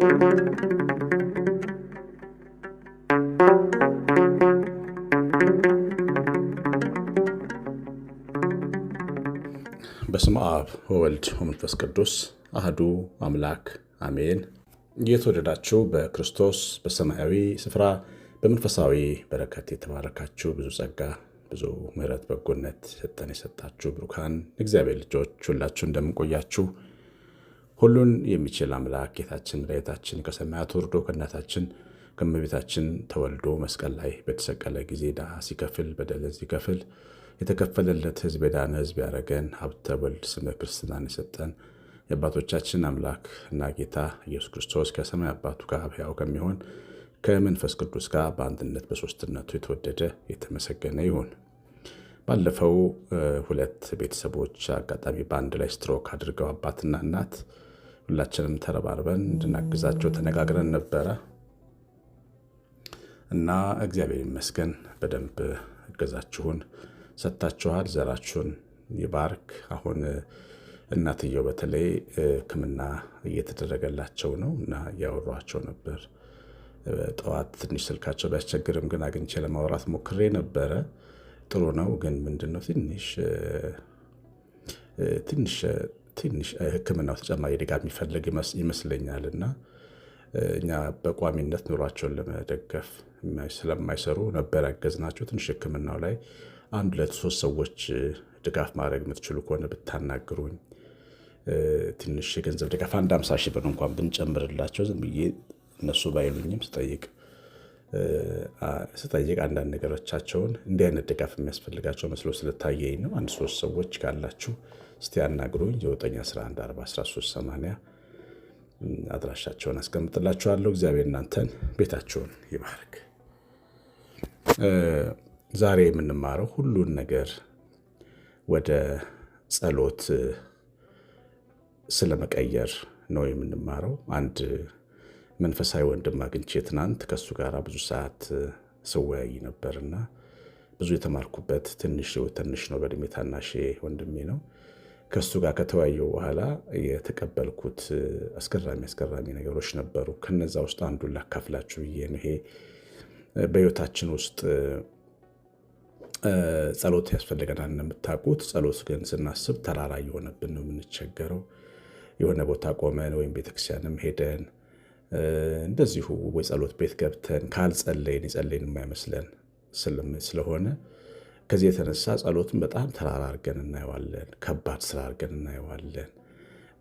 በስመ አብ ወወልድ ወመንፈስ ቅዱስ አህዱ አምላክ አሜን። የተወደዳችሁ በክርስቶስ በሰማያዊ ስፍራ በመንፈሳዊ በረከት የተባረካችሁ ብዙ ጸጋ፣ ብዙ ምሕረት፣ በጎነት ሰጠን የሰጣችሁ ብሩካን እግዚአብሔር ልጆች ሁላችሁ እንደምንቆያችሁ ሁሉን የሚችል አምላክ ጌታችን መድኃኒታችን ከሰማያት ወርዶ ከእናታችን ከእመቤታችን ተወልዶ መስቀል ላይ በተሰቀለ ጊዜ ዳ ሲከፍል በደልን ሲከፍል የተከፈለለት ሕዝብ የዳነ ሕዝብ ያደረገን ሀብተ ወልድ ስመ ክርስትናን የሰጠን የአባቶቻችን አምላክ እና ጌታ ኢየሱስ ክርስቶስ ከሰማይ አባቱ ጋር ሕያው ከሚሆን ከመንፈስ ቅዱስ ጋር በአንድነት በሶስትነቱ የተወደደ የተመሰገነ ይሁን። ባለፈው ሁለት ቤተሰቦች አጋጣሚ በአንድ ላይ ስትሮክ አድርገው አባትና እናት ሁላችንም ተረባርበን እንድናግዛቸው ተነጋግረን ነበረ እና እግዚአብሔር ይመስገን በደንብ እገዛችሁን ሰጥታችኋል። ዘራችሁን ይባርክ። አሁን እናትየው በተለይ ሕክምና እየተደረገላቸው ነው እና እያወሯቸው ነበር። ጠዋት ትንሽ ስልካቸው ቢያስቸግርም ግን አግኝቼ ለማውራት ሞክሬ ነበረ። ጥሩ ነው ግን ምንድነው ትንሽ ትንሽ ትንሽ ሕክምናው ተጨማሪ ድጋፍ የሚፈልግ ይመስለኛል እና እኛ በቋሚነት ኑሯቸውን ለመደገፍ ስለማይሰሩ ነበር ያገዝናቸው። ትንሽ ህክምናው ላይ አንድ ሁለት ሶስት ሰዎች ድጋፍ ማድረግ የምትችሉ ከሆነ ብታናግሩኝ ትንሽ የገንዘብ ድጋፍ አንድ አምሳ ሺህ ብር እንኳን ብንጨምርላቸው ዝም ብዬ እነሱ ባይሉኝም ስጠይቅ ስጠይቅ አንዳንድ ነገሮቻቸውን እንዲህ አይነት ድጋፍ የሚያስፈልጋቸው መስሎ ስለታየኝ ነው። አንድ ሶስት ሰዎች ካላችሁ እስቲ አናግሩኝ። 9114138 አድራሻቸውን አስቀምጥላችኋለሁ። እግዚአብሔር እናንተን ቤታችሁን ይባርክ። ዛሬ የምንማረው ሁሉን ነገር ወደ ጸሎት ስለመቀየር ነው የምንማረው። አንድ መንፈሳዊ ወንድም አግኝቼ ትናንት ከእሱ ጋር ብዙ ሰዓት ስወያይ ነበርና ብዙ የተማርኩበት ትንሽ ትንሽ ነው፣ በእድሜ ታናሼ ወንድሜ ነው። ከእሱ ጋር ከተወያየው በኋላ የተቀበልኩት አስገራሚ አስገራሚ ነገሮች ነበሩ። ከነዛ ውስጥ አንዱን ላካፍላችሁ ብዬ ይሄ በህይወታችን ውስጥ ጸሎት ያስፈልገናል። እንደምታውቁት ጸሎት ግን ስናስብ ተራራ እየሆነብን ነው የምንቸገረው። የሆነ ቦታ ቆመን ወይም ቤተክርስቲያንም ሄደን እንደዚሁ ወይ ጸሎት ቤት ገብተን ካልጸለይን የጸለይን የማይመስለን ስለሆነ ከዚህ የተነሳ ጸሎትን በጣም ተራራ ርገን እናየዋለን፣ ከባድ ስራ አድርገን እናየዋለን።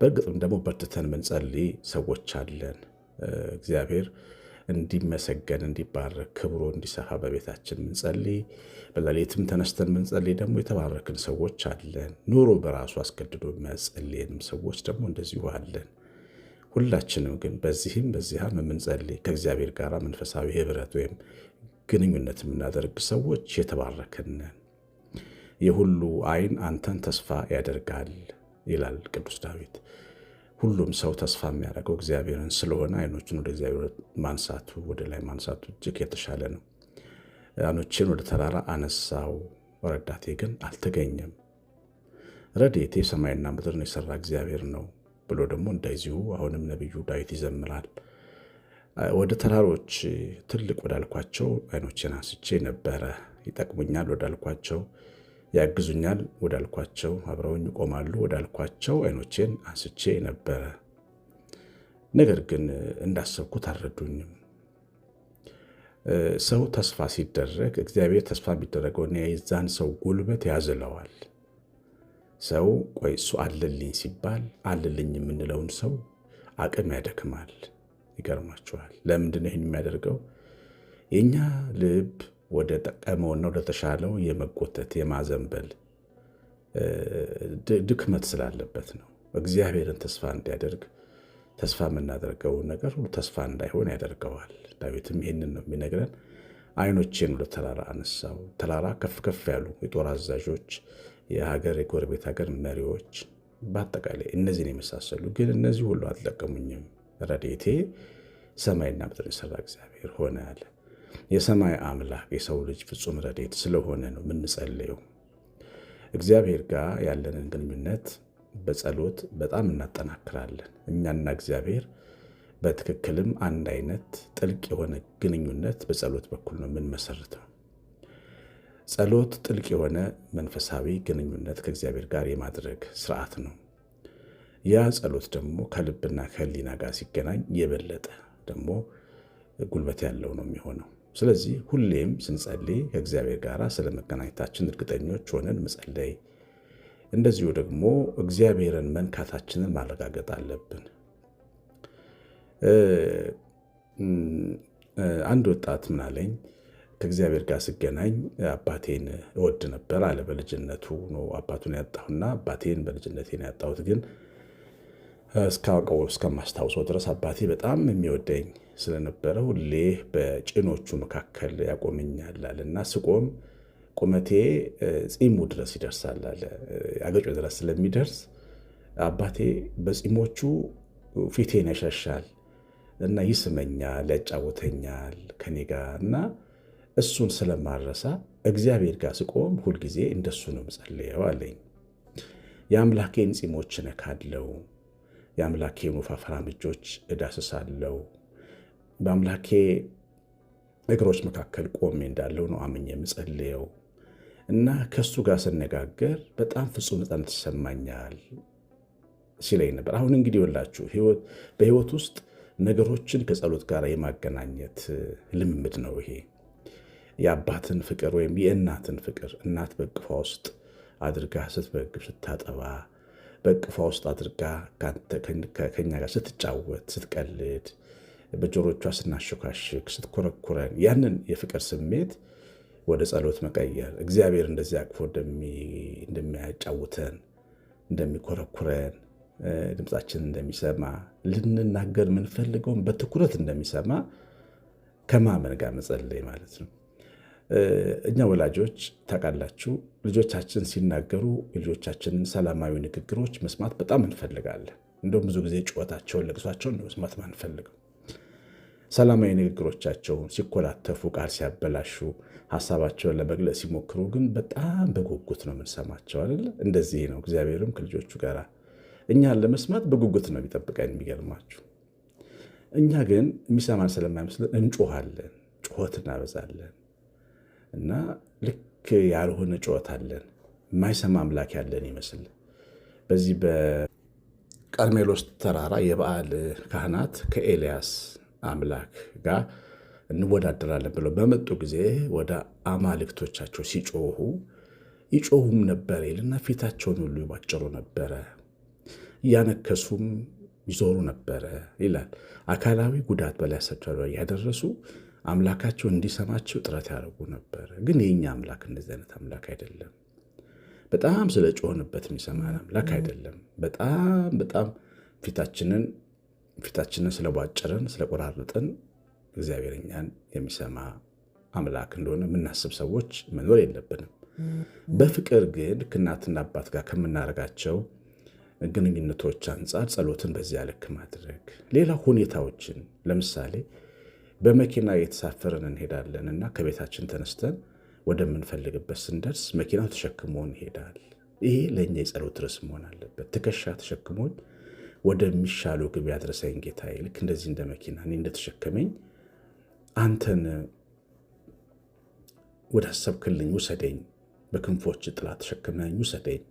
በእርግጥም ደግሞ በርትተን ምንጸልይ ሰዎች አለን። እግዚአብሔር እንዲመሰገን እንዲባረክ፣ ክብሮ እንዲሰፋ በቤታችን ምንጸልይ፣ በሌሊትም ተነስተን ምንጸልይ ደግሞ የተባረክን ሰዎች አለን። ኑሮ በራሱ አስገድዶ የሚያጸልየንም ሰዎች ደግሞ እንደዚሁ አለን። ሁላችንም ግን በዚህም በዚያም የምንጸልይ ከእግዚአብሔር ጋር መንፈሳዊ ህብረት ወይም ግንኙነት የምናደርግ ሰዎች የተባረክንን የሁሉ አይን አንተን ተስፋ ያደርጋል ይላል ቅዱስ ዳዊት። ሁሉም ሰው ተስፋ የሚያደርገው እግዚአብሔርን ስለሆነ አይኖችን ወደ እግዚአብሔር ማንሳቱ ወደ ላይ ማንሳቱ እጅግ የተሻለ ነው። አይኖችን ወደ ተራራ አነሳው፣ ረዳቴ ግን አልተገኘም። ረዴቴ ሰማይና ምድርን የሰራ እግዚአብሔር ነው ብሎ ደግሞ እንደዚሁ አሁንም ነቢዩ ዳዊት ይዘምራል። ወደ ተራሮች ትልቅ ወዳልኳቸው አይኖችን አንስቼ ነበረ፣ ይጠቅሙኛል ወዳልኳቸው ያግዙኛል ወዳልኳቸው አብረውኝ ይቆማሉ ወዳልኳቸው አይኖቼን አንስቼ ነበረ። ነገር ግን እንዳሰብኩት አልረዱኝም። ሰው ተስፋ ሲደረግ እግዚአብሔር ተስፋ የሚደረገውን የዛን ሰው ጉልበት ያዝለዋል። ሰው ቆይ እሱ አለልኝ ሲባል አለልኝ የምንለውን ሰው አቅም ያደክማል። ይገርማችኋል። ለምንድን ነው ይህን የሚያደርገው? የእኛ ልብ ወደ ጠቀመውና ወደ ተሻለው የመጎተት የማዘንበል ድክመት ስላለበት ነው። እግዚአብሔርን ተስፋ እንዲያደርግ ተስፋ የምናደርገውን ነገር ሁሉ ተስፋ እንዳይሆን ያደርገዋል። ዳዊትም ይህንን ነው የሚነግረን። አይኖቼን ወደ ተራራ አነሳው። ተራራ ከፍ ከፍ ያሉ የጦር አዛዦች፣ የሀገር የጎረቤት ሀገር መሪዎች፣ በአጠቃላይ እነዚህን የመሳሰሉ ግን እነዚህ ሁሉ አልጠቀሙኝም። ረዴቴ ሰማይና ምድር የሰራ እግዚአብሔር ሆነ አለ። የሰማይ አምላክ የሰው ልጅ ፍጹም ረዴት ስለሆነ ነው የምንጸልየው። እግዚአብሔር ጋር ያለንን ግንኙነት በጸሎት በጣም እናጠናክራለን። እኛና እግዚአብሔር በትክክልም አንድ አይነት ጥልቅ የሆነ ግንኙነት በጸሎት በኩል ነው የምንመሰርተው። ጸሎት ጥልቅ የሆነ መንፈሳዊ ግንኙነት ከእግዚአብሔር ጋር የማድረግ ስርዓት ነው። ያ ጸሎት ደግሞ ከልብና ከህሊና ጋር ሲገናኝ የበለጠ ደግሞ ጉልበት ያለው ነው የሚሆነው። ስለዚህ ሁሌም ስንጸልይ ከእግዚአብሔር ጋር ስለ መገናኘታችን እርግጠኞች ሆነን መጸለይ፣ እንደዚሁ ደግሞ እግዚአብሔርን መንካታችንን ማረጋገጥ አለብን። አንድ ወጣት ምናለኝ ከእግዚአብሔር ጋር ስገናኝ አባቴን እወድ ነበር አለ። በልጅነቱ ነው አባቱን ያጣሁና አባቴን በልጅነቴን ያጣሁት ግን እስካውቀው እስከማስታውሰው ድረስ አባቴ በጣም የሚወደኝ ስለነበረ ሁሌ በጭኖቹ መካከል ያቆመኛል እና ስቆም ቁመቴ ፂሙ ድረስ ይደርሳላለ አገጮ ድረስ ስለሚደርስ አባቴ በፂሞቹ ፊቴን ያሻሻል እና ይስመኛል፣ ያጫወተኛል ከኔ ጋር እና እሱን ስለማረሳ እግዚአብሔር ጋር ስቆም ሁልጊዜ እንደሱ ነው ምጸልየው አለኝ። የአምላኬን ፂሞች ነካለው የአምላኬ የሙፋፈራ ምንጮች እዳስሳለው በአምላኬ እግሮች መካከል ቆሜ እንዳለው ነው አምኜ የምጸልየው እና ከሱ ጋር ስነጋገር በጣም ፍጹም ነፃነት ይሰማኛል ሲለኝ ነበር። አሁን እንግዲህ ወላችሁ በህይወት ውስጥ ነገሮችን ከጸሎት ጋር የማገናኘት ልምምድ ነው ይሄ። የአባትን ፍቅር ወይም የእናትን ፍቅር እናት በግፋ ውስጥ አድርጋ ስትበግብ ስታጠባ በቅፏ ውስጥ አድርጋ ከኛ ጋር ስትጫወት ስትቀልድ በጆሮቿ ስናሸካሽክ ስትኮረኩረን ያንን የፍቅር ስሜት ወደ ጸሎት መቀየር እግዚአብሔር እንደዚህ አቅፎ እንደሚያጫውተን እንደሚኮረኩረን ድምፃችን እንደሚሰማ ልንናገር ምንፈልገውን በትኩረት እንደሚሰማ ከማመን ጋር መጸለይ ማለት ነው። እኛ ወላጆች ታውቃላችሁ፣ ልጆቻችን ሲናገሩ የልጆቻችንን ሰላማዊ ንግግሮች መስማት በጣም እንፈልጋለን። እንደውም ብዙ ጊዜ ጩኸታቸውን፣ ለቅሷቸውን መስማት አንፈልግም። ሰላማዊ ንግግሮቻቸውን ሲኮላተፉ፣ ቃል ሲያበላሹ፣ ሀሳባቸውን ለመግለጽ ሲሞክሩ ግን በጣም በጉጉት ነው የምንሰማቸው አይደለ? እንደዚህ ነው እግዚአብሔርም ከልጆቹ ጋር እኛን ለመስማት በጉጉት ነው የሚጠብቀን። የሚገርማችሁ እኛ ግን የሚሰማን ስለማይመስለን እንጮኋለን፣ ጩኸት እናበዛለን እና ልክ ያልሆነ ጩኸት አለን፣ የማይሰማ አምላክ ያለን ይመስል በዚህ በቀርሜሎስ ተራራ የበዓል ካህናት ከኤልያስ አምላክ ጋር እንወዳደራለን ብለው በመጡ ጊዜ ወደ አማልክቶቻቸው ሲጮሁ ይጮሁም ነበር ይልና ፊታቸውን ሁሉ ይቧጭሩ ነበረ፣ እያነከሱም ይዞሩ ነበረ ይላል። አካላዊ ጉዳት በላያቸው ያደረሱ አምላካቸው እንዲሰማቸው ጥረት ያደርጉ ነበረ። ግን የኛ አምላክ እንደዚህ አይነት አምላክ አይደለም። በጣም ስለ ጮህንበት የሚሰማን አምላክ አይደለም። በጣም በጣም ፊታችንን ፊታችንን ስለቧጭርን ስለቆራረጥን እግዚአብሔር እኛን የሚሰማ አምላክ እንደሆነ የምናስብ ሰዎች መኖር የለብንም። በፍቅር ግን ከእናትና አባት ጋር ከምናደርጋቸው ግንኙነቶች አንጻር ጸሎትን በዚያ ልክ ማድረግ ሌላ ሁኔታዎችን ለምሳሌ በመኪና እየተሳፈርን እንሄዳለን እና ከቤታችን ተነስተን ወደምንፈልግበት ስንደርስ መኪናው ተሸክሞን ይሄዳል። ይሄ ለእኛ የጸሎት ርዕስ መሆን አለበት። ትከሻ ተሸክሞኝ ወደሚሻሉ ግብ ያድረሰኝ ጌታ፣ ልክ እንደዚህ እንደ መኪና እኔ እንደተሸከመኝ አንተን ወደ አሰብክልኝ ውሰደኝ፣ በክንፎች ጥላ ተሸክመኝ ውሰደኝ።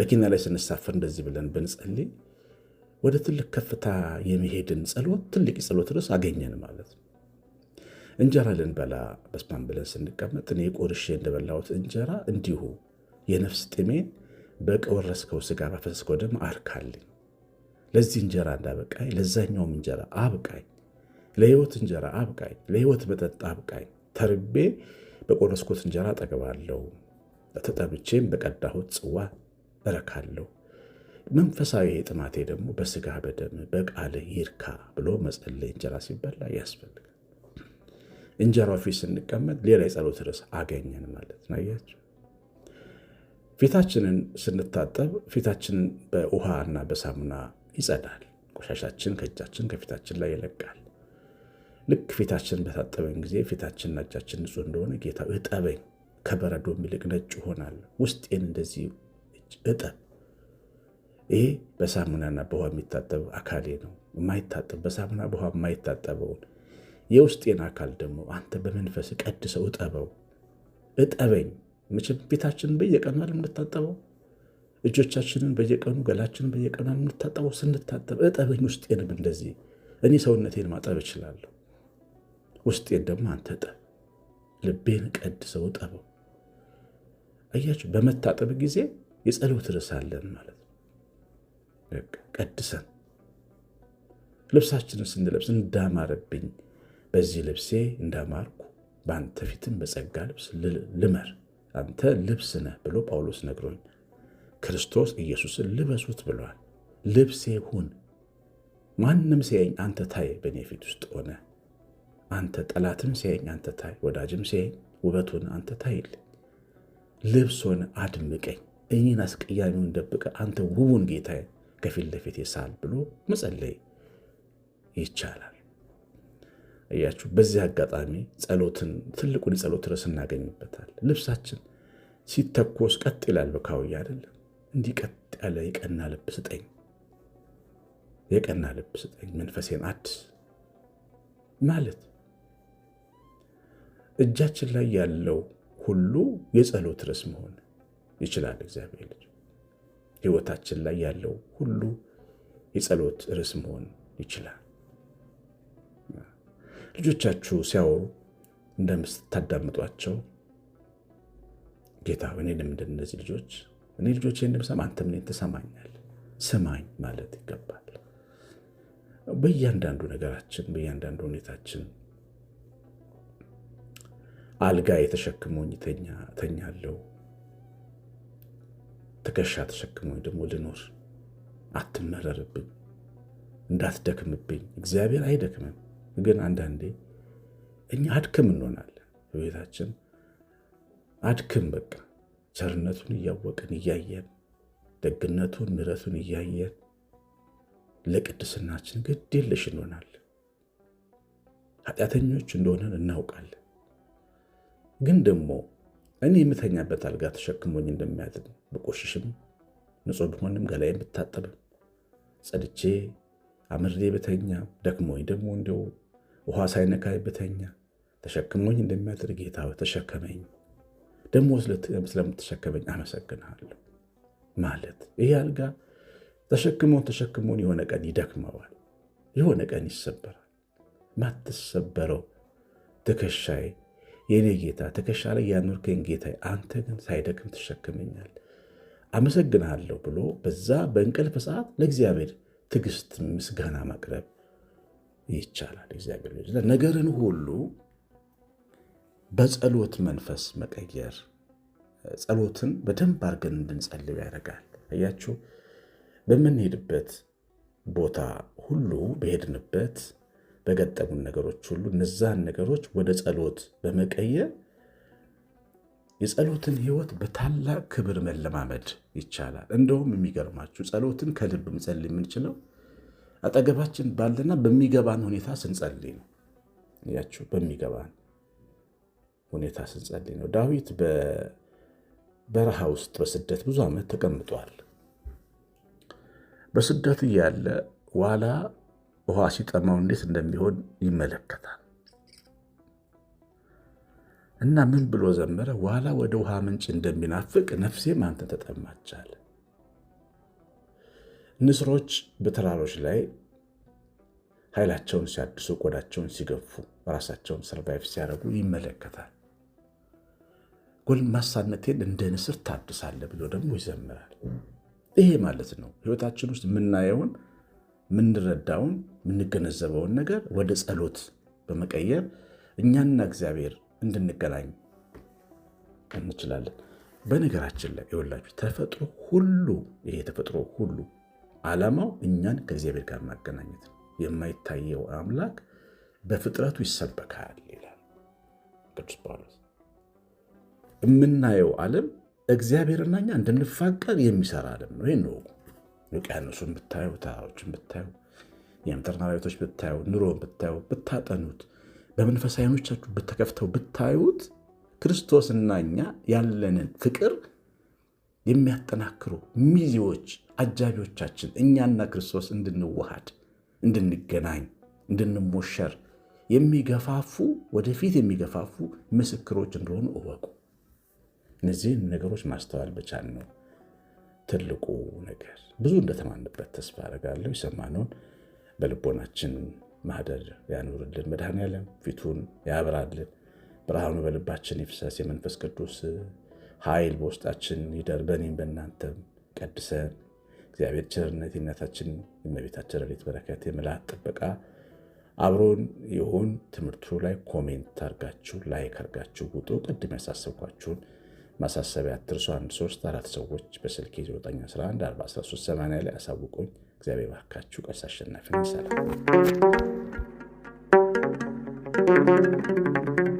መኪና ላይ ስንሳፈር እንደዚህ ብለን ብንጸልይ ወደ ትልቅ ከፍታ የሚሄድን ጸሎት ትልቅ የጸሎት ርዕስ አገኘን ማለት ነው። እንጀራ ልንበላ በስማም ብለን ስንቀመጥ እኔ ቆርሼ እንደበላሁት እንጀራ እንዲሁ የነፍስ ጥሜን በቆረስከው ስጋ ባፈሰስከው ደም አርካልኝ። ለዚህ እንጀራ እንዳበቃኝ ለዛኛውም እንጀራ አብቃኝ። ለህይወት እንጀራ አብቃኝ። ለህይወት መጠጥ አብቃኝ። ተርቤ በቆረስኩት እንጀራ ጠግባለሁ፣ ተጠምቼም በቀዳሁት ጽዋ እረካለሁ። መንፈሳዊ ጥማቴ ደግሞ በስጋ በደም በቃል ይርካ ብሎ መጸለይ እንጀራ ሲበላ ያስፈልጋል። እንጀራው ፊት ስንቀመጥ ሌላ የጸሎት ርዕስ አገኘን ማለት ነው። አያችሁ፣ ፊታችንን ስንታጠብ ፊታችንን በውሃ እና በሳሙና ይጸዳል። ቆሻሻችን ከእጃችን ከፊታችን ላይ ይለቃል። ልክ ፊታችን በታጠበን ጊዜ ፊታችንና እጃችን ንጹህ እንደሆነ ጌታ እጠበኝ ከበረዶ የሚልቅ ነጭ ይሆናል። ውስጤን እንደዚህ እጠብ ይሄ በሳሙናና በውሃ የሚታጠብ አካሌ ነው። የማይታጠብ በሳሙና በውሃ የማይታጠበውን የውስጤን አካል ደግሞ አንተ በመንፈስ ቀድሰው እጠበው፣ እጠበኝ። መቼም ቤታችንን በየቀኑ አይደል የምንታጠበው? እጆቻችንን በየቀኑ ገላችንን በየቀኑ የምንታጠበው? ስንታጠብ እጠበኝ፣ ውስጤንም እንደዚህ እኔ ሰውነቴን ማጠብ እችላለሁ። ውስጤን ደግሞ አንተ እጠብ፣ ልቤን ቀድሰው እጠበው። አያችሁ፣ በመታጠብ ጊዜ የጸሎት ርዕስ አለን ማለት ቀድሰን ልብሳችንን ስንለብስ እንዳማረብኝ በዚህ ልብሴ እንዳማርኩ በአንተ ፊትም በጸጋ ልብስ ልመር አንተ ልብስ ነህ ብሎ ጳውሎስ ነግሮኝ ክርስቶስ ኢየሱስን ልበሱት ብሏል። ልብሴ ሁን። ማንም ሲያኝ አንተ ታይ በእኔ ፊት ውስጥ ሆነ አንተ ጠላትም ሲያኝ አንተ ታይ፣ ወዳጅም ውበት ሆነ አንተ ታይልኝ። ልብስ ሆነ አድምቀኝ፣ እኔን አስቀያሚውን ደብቀ አንተ ውቡን ጌታዬ ከፊት ለፊት የሳል ብሎ መጸለይ ይቻላል። እያችሁ በዚህ አጋጣሚ ጸሎትን ትልቁን የጸሎት ርዕስ እናገኝበታል። ልብሳችን ሲተኮስ ቀጥ ይላል በካውያ አይደለም። እንዲህ ቀጥ ያለ የቀና ልብ ስጠኝ፣ የቀና ልብ ስጠኝ፣ መንፈሴን አድስ ማለት እጃችን ላይ ያለው ሁሉ የጸሎት ርዕስ መሆን ይችላል። እግዚአብሔር ልጅ ህይወታችን ላይ ያለው ሁሉ የጸሎት ርዕስ መሆን ይችላል። ልጆቻችሁ ሲያወሩ እንደምታዳምጧቸው ጌታ እኔ እንደ እነዚህ ልጆች እኔ ልጆች እንደምሰማ አንተም እኔን ትሰማኛል። ስማኝ ማለት ይገባል። በእያንዳንዱ ነገራችን፣ በእያንዳንዱ ሁኔታችን አልጋ የተሸክሞኝ ተኛለው ትከሻ ተሸክመኝ ደግሞ ልኖር። አትመረርብኝ፣ እንዳትደክምብኝ። እግዚአብሔር አይደክምም፣ ግን አንዳንዴ እኛ አድክም እንሆናለን። በቤታችን አድክም በቃ ቸርነቱን እያወቅን እያየን ደግነቱን ምሕረቱን እያየን ለቅድስናችን ግድ የለሽ እንሆናለን። ኃጢአተኞች እንደሆነን እናውቃለን። ግን ደግሞ እኔ የምተኛበት አልጋ ተሸክሞኝ እንደሚያድን ብቆሽሽም ንጹህ ብሆንም ገላይም ብታጠብም ጸድቼ አምሬ ብተኛ ደክሞኝ ደግሞ እንዲው ውሃ ሳይነካይ ብተኛ ተሸክሞኝ እንደሚያድር ጌታ ተሸከመኝ፣ ደግሞ ስለምትሸከመኝ አመሰግናለሁ ማለት ይህ አልጋ ተሸክሞን ተሸክሞን የሆነ ቀን ይደክመዋል፣ የሆነ ቀን ይሰበራል። ማትሰበረው ትከሻዬ የኔ ጌታ ትከሻ ላይ ያኖርከኝ ጌታ አንተ ግን ሳይደክም ትሸክመኛል። አመሰግናለሁ ብሎ በዛ በእንቅልፍ ሰዓት ለእግዚአብሔር ትዕግስት ምስጋና ማቅረብ ይቻላል። እግዚአብሔር ነገርን ሁሉ በጸሎት መንፈስ መቀየር ጸሎትን በደንብ አድርገን እንድንጸልብ ያደርጋል። አያችሁ በምንሄድበት ቦታ ሁሉ በሄድንበት በገጠሙን ነገሮች ሁሉ እነዛን ነገሮች ወደ ጸሎት በመቀየር የጸሎትን ህይወት በታላቅ ክብር መለማመድ ይቻላል። እንደውም የሚገርማችሁ ጸሎትን ከልብ መጸለይ የምንችለው አጠገባችን ባለና በሚገባን ሁኔታ ስንጸልይ ነው። ያችሁ በሚገባን ሁኔታ ስንጸልይ ነው። ዳዊት በበረሃ ውስጥ በስደት ብዙ ዓመት ተቀምጧል። በስደት እያለ ዋላ ውሃ ሲጠማው እንዴት እንደሚሆን ይመለከታል። እና ምን ብሎ ዘመረ? ዋላ ወደ ውሃ ምንጭ እንደሚናፍቅ ነፍሴም አንተን ተጠማቻል። ንስሮች በተራሮች ላይ ኃይላቸውን ሲያድሱ፣ ቆዳቸውን ሲገፉ፣ ራሳቸውን ሰርቫይቭ ሲያደርጉ ይመለከታል። ጎልማሳነቴን እንደ ንስር ታድሳለ ብሎ ደግሞ ይዘምራል። ይሄ ማለት ነው ህይወታችን ውስጥ የምናየውን የምንረዳውን የምንገነዘበውን ነገር ወደ ጸሎት በመቀየር እኛና እግዚአብሔር እንድንገናኝ እንችላለን። በነገራችን ላይ የወላችሁ ተፈጥሮ ሁሉ ይሄ ተፈጥሮ ሁሉ ዓላማው እኛን ከእግዚአብሔር ጋር ማገናኘት ነው። የማይታየው አምላክ በፍጥረቱ ይሰበካል ይላል ቅዱስ ጳውሎስ። የምናየው ዓለም እግዚአብሔርና እኛ እንድንፋቀር የሚሰራ ዓለም ነው። ይህን ወቁ። ውቅያኖሱን ብታዩ፣ ተራሮችን ብታዩ፣ የምድር አራዊቶች ብታዩ፣ ኑሮን ብታዩ፣ ብታጠኑት በመንፈሳዊ ዓይኖቻችሁ ተከፍተው ብታዩት ክርስቶስና እኛ ያለንን ፍቅር የሚያጠናክሩ ሚዜዎች፣ አጃቢዎቻችን እኛና ክርስቶስ እንድንዋሃድ፣ እንድንገናኝ፣ እንድንሞሸር የሚገፋፉ ወደፊት የሚገፋፉ ምስክሮች እንደሆኑ እወቁ። እነዚህን ነገሮች ማስተዋል በቻል ነው ትልቁ ነገር። ብዙ እንደተማንበት ተስፋ አደርጋለሁ። የሰማነውን በልቦናችን ማህደር ያኑርልን። መድኃኔዓለም ፊቱን ያብራልን፣ ብርሃኑ በልባችን ይፍሰስ። የመንፈስ ቅዱስ ኃይል በውስጣችን ይደር፣ በእኔም በእናንተም ቀድሰን እግዚአብሔር ቸርነት የእናታችን የእመቤታችን ረድኤት በረከት የመላእክት ጥበቃ አብሮን ይሁን። ትምህርቱ ላይ ኮሜንት አርጋችሁ ላይክ አርጋችሁ ውጡ። ቅድም ያሳሰብኳችሁን ማሳሰቢያ አትርሱ። አንድ ሶስት አራት ሰዎች በስልክ 911 413 80 ላይ አሳውቁኝ። እግዚአብሔር ባካችሁ። ቀሲስ አሸናፊ ሰላም Thank you.